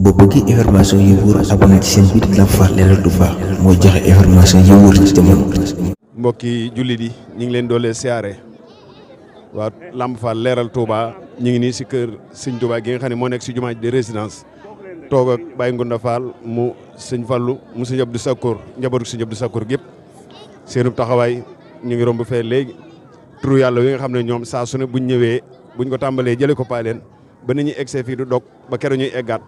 boo bëggee information yi wóor abonné ci seen biir Lamp Fall Léral du baax yi wóor yi ñu ngi leen doole siyaare waa Lamp Fall Touba ñu ngi nii si kër Sëñ Touba gi nga xam ne moo nekk si jumaa ji de résidence toog ak Baye Ngunda Fall mu sëñ Fallu mu sëñ Abdou Sakkour njabootu sëñ Abdou Sakkour gépp seenu taxawaay ñu ngi romb fee léegi turu yàlla wi nga xam ne ñoom saa su ne buñ ñëwee buñ ko tàmbalee jëlee ko paa leen ba ni ñuy egg see fii du dog ba keroog ñuy eggaat.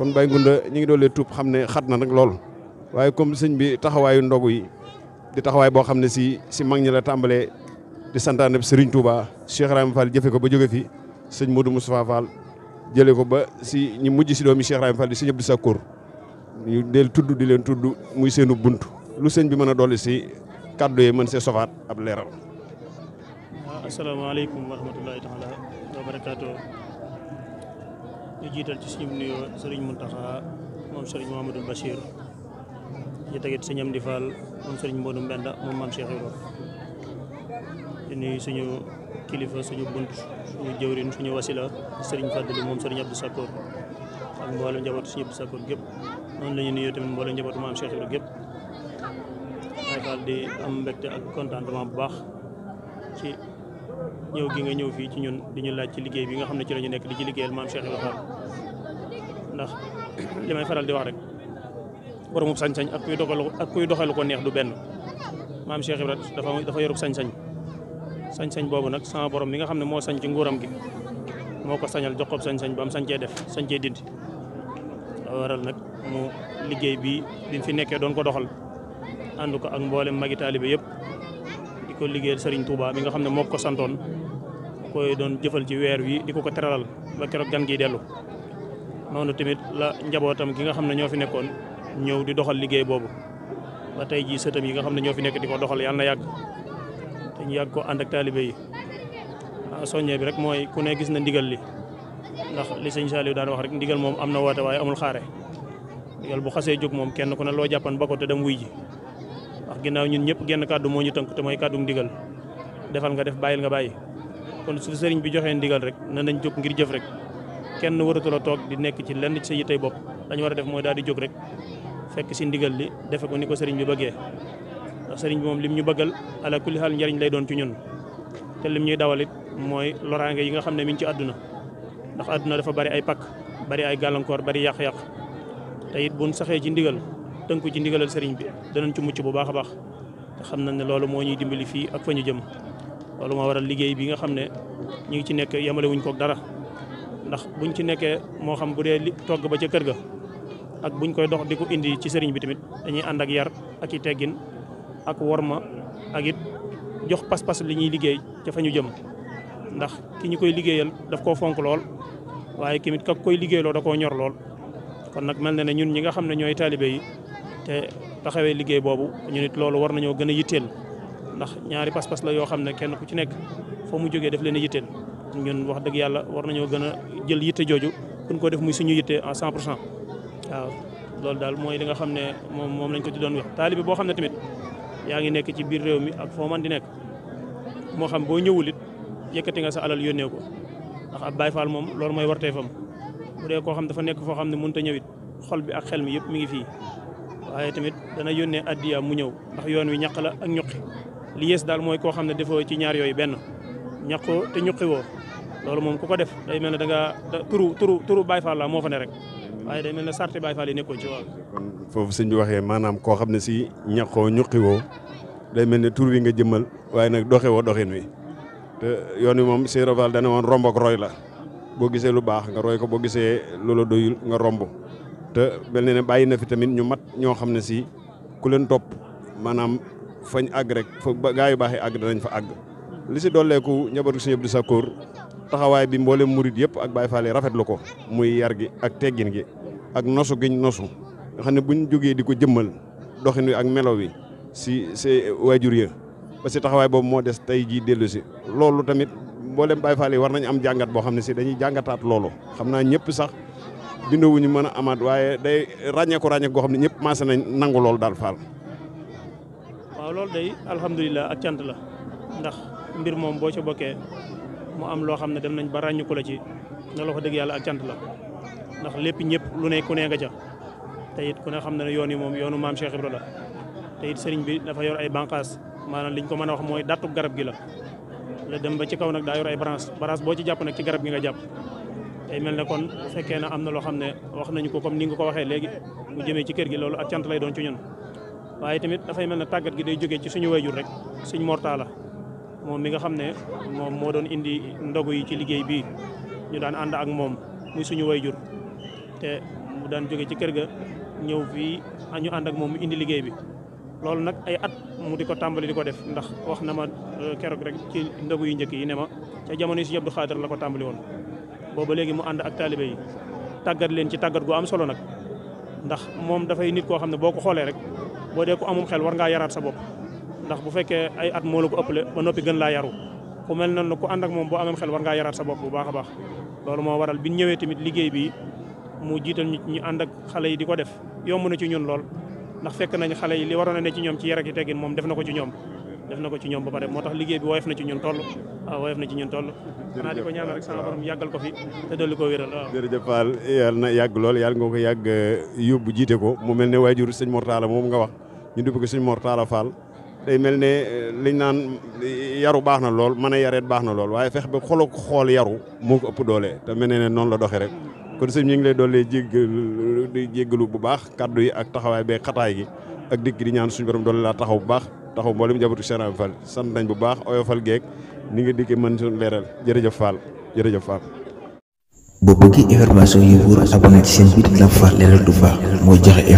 kon Baye Ngunda ñu ngi doolee tuub xam ne xat na nag lool waaye comme sëñ bi taxawaayu ndogu yi di taxawaay boo xam ne si si mag ñi la tàmbalee di santaane Serigne Touba Cheikh Rahim Fall jëfe ko ba jóge fi sëñ du Moustapha Fall jëlee ko ba si ñu mujj si doomi Cheikh Rahim Fall di sëñ Abdou Sakkour ñu del tudd di leen tudd muy seenu bunt lu sëñ bi mën a dolli si kàddu yi mën see sofaat ab leeral. asalaamaaleykum wa rahmatulahi taala wa barakaatu. ñu jiital ci suñu nuyoo sëriñ Muntaxa moom sëriñ Mouhamadou Bachir ci tegit sëñ Amdi mom serigne sëriñ Mboodu Mbenda moom maam Cheikh yoro ñu nuyu suñu kilifa suñu buntu suñu jëwrin suñu wasila serigne Fàddilu mom serigne Abdou sakor ak mbolo njabot suñu Abdou sakor gep non lañu ñu tamit mbolo njabot mam Cheikh yoro gep ay dal di am mbekté ak contentement bu baax ci ñew gi nga ñew fi ci ñun di ñu laaj ci liggéey bi nga xamne ci lañu nekk di ci liggéeyal mam Cheikh yoro ndax limay faral di wax rek borom sañ-sañ ak kuy dogal ak kuy doxal ko neex du ben mam Cheikh Ibra dafa dafa yorub sañ-sañ sañ-sañ bobu nak sama borom mi nga xamne mo sañ ci nguram gi moko sañal jox ko sañ-sañ bam sañ ci def sañ ci dindi waral nak mu liggey bi bi fi nekké don ko doxal ànd ko ak mbolé magi talibé yépp diko liggéey Serigne Touba mi nga xamne moko santone koy don jëfël ci wër wi diko ko téralal ba kérok gan gi dellu nonu tamit la njabotam gi nga xamne ño fi nekkon ñew di doxal liggey bobu ba tay ji setam yi nga xamne ño fi nekk diko ko doxal yalla yag te ñu yag ko and ak talibey yi ah, bi rek moy ku ne gis na ndigal li ndax li seigne Saliou daan wax rek ndigal mom am wote woote amul xare ndigal bu xasse juk mom kenn ku ne lo jappan bako te dem wuy ji ndax ñun ñepp genn kaddu mo ñu te moy kaddu ndigal defal nga def bayil nga bayyi kon su serigne bi joxe ndigal rek na nañ juk ngir jëf rek kenn waratu la tok di nek ci lenn ci sey tay bop lañu wara def moy daal di jog rek fekk ci ndigal li defe ko niko serigne bi bëggee ndax bi mom lim ñu bëggal ala kulli hal ñariñ lay doon ci ñun té lim ñuy dawalit moy lorange yi nga xamné mi ngi ci aduna ndax aduna dafa bari ay pak bari ay gàllankoor bari yak yak te it buñ saxé ci ndigal tënku ci ndigalal serigne bi danañ ci mucc bu baaxa baax te xam ne loolu moo ñuy dimbali fii ak fa ñu jëm loolu moo waral liggéey bi nga xam ne ñu ngi ci nekk yemalewuñ koog dara ndax bu ñu ci nekkee moo xam bu dee li togg ba ca kër ga ak bu ñu koy dox di ko indi ci sëriñ bi tamit dañuy ànd ak yar ak i teggin ak worma ak it jox pas-pas li ñuy liggéey ca ñu jëm ndax ki ñu koy liggéeyal daf koo fonk lool waaye kimit kak koy liggéeyloo da koo ñor lool kon nag mel na ne ñun ñi nga xam ne ñooy taalibe yi te taxawee liggéey boobu ñu nit loolu war nañoo gën a yitteel ndax ñaari pas-pas la yoo xam ne kenn ku ci nekk foo mu jógee daf leen a yitteel ñun wax deug yalla war nañu gëna jël yitte joju buñ ko def muy suñu yitte à 100 waaw lool dal moy li nga xamné mom mom lañ ko ci doon wax talib bo xamné tamit yaa nekk ci biir réew mi ak fo man di nekk mo xam bo ñëwul it nga sa alal yone ko ndax ab fall Faal lool moy warté fam bu dé ko xam dafa nekk fo xamné muñ ta ñewit xol bi ak xel mi yëpp mi ngi fi waye tamit dana yone adiya mu ñew ndax yoon wi ñak la ak ñuqi li yes dal moy ko xamné defo ci ñaar yoy ben ñako te ñukki wo loolu moom ku ko def day mel ne da nga turu turu turu Baye moo fa ne rek waaye day mel ne sarti Baye Fall yi nekkoon ci waaw. foofu sëñ bi waxee maanaam koo xam ne si ñaqoo ñuqiwoo day mel ne tur wi nga jëmmal waaye nag doxe woo doxin wi te yoon wi moom Cheikh Fall dana woon romb ak roy la boo gisee lu baax nga roy ko boo gisee loolo doyul nga romb te mel ne ne bàyyi na fi tamit ñu mat ñoo xam ne si ku leen topp maanaam fañ àgg rek ba gaa yu baax yi àgg danañ fa àgg li si dolleeku njabootu Sëñ Abdou Sakkour taxawaay bi mboolem murit yëpp ak Baay Faal yi rafetlu ko muy yar gi ak teggin gi ak nosu giñ nosu nga xam ne buñ jógee di ko jëmmal doxin wi ak melo wi si si waajur ya ba si taxawaay boobu moo des tey jii dellu si loolu tamit mboolem Baay Faal yi war nañ am jàngat boo xam ne si dañuy jàngataat loolu xam naa ñëpp sax bindowuñu mën a amaat waaye day ràññeeku ràññeeku goo xam ne ñëpp maase nañ nangu loolu daal faal. waaw loolu day alhamdulilah ak la ndax mbir moom boo ci mu am lo xamne dem nañ ba ko la ci na la ko deug yalla ak cant la ndax lepp ñepp lu ne ku ne nga ja te it ku ne xamne na mom yonu mam Cheikh Ibra la te it bi dafa yor ay bankas manam liñ ko mëna wax moy datu garab gi la la dem ba ci kaw nak da yor ay branche branche bo ci japp nak ci garab gi nga japp tay melne kon fekke na amna lo xamne wax nañ ko comme ni nga ko waxe legi bu jeme ci kër gi lolu ak cant lay doon ci ñun waye tamit da fay melne tagat gi day joge ci suñu wayjur rek suñu mortala mom mi nga xamne mom mo doon indi ndogu yi ci liggey bi ñu daan and ak mom muy suñu wayjur té mu daan joggé ci kër ga ñew fi ñu and ak mom indi liggey bi lool nak ay at mu di tambali diko def ndax wax na ma euh, kérok rek ci ndogu yu ñëk yi ne ma jamono ci Abdou Khadir la ko tàmbali woon booba léegi mu and ak talibé yi tagat leen ci tagat gu am solo nak ndax da fay nit ko xamne boko xolé rek bo dee ko amum xel war nga yarat sa bop ndax bu fekkee ay at moo la ko ëppale ba noppi gën laa yaru ku mel noonu ku ànd ak moom boo amee xel war ngaa yaraat sa bopp bu baax a baax loolu moo waral bi ñëwee tamit liggéey bi mu jiital ñu ñu ànd ak xale yi di ko def yomb na ci ñun lool ndax fekk nañ xale yi li waroon a ne ci ñoom ci yar teggin moom def na ko ci ñoom def na ko ci ñoom ba pare moo tax liggéey bi woyof na ci ñun toll waaw ah, woyof na ci ñun toll xanaa di ko ñaanal rek sama borom yàggal ko fi te dolli ko wéral waaw jërëjëf Fall yàlla na yàgg lool yàlla nga ko yàgg yóbbu jiite ko mu mel ne waajur sëñ Mortala moom nga wax ñu dubb ko sëñ Mortala Fall day mel ne euh, liñ naan yaru baax na lool mën a yareet baax na lool waaye fex ba xolo xool yaru moo ko ëpp doole te mel ne ne noonu la doxee rek kon sëñ ñu ngi lay doole jéggalu di jéggalu bu baax kàddu yi ak taxawaay bee xataay gi ak dikk di ñaan suñu borom doole laa taxaw bu baax taxaw mboolem jabatu Serigne Fall sant nañ bu baax oyofal geek ni nga dikkee mën suñu leeral jërëjëf Fall jërëjëf Fall. boo bëggee information yi wóor abonné ci seen biir Lamp Fall Léral du baax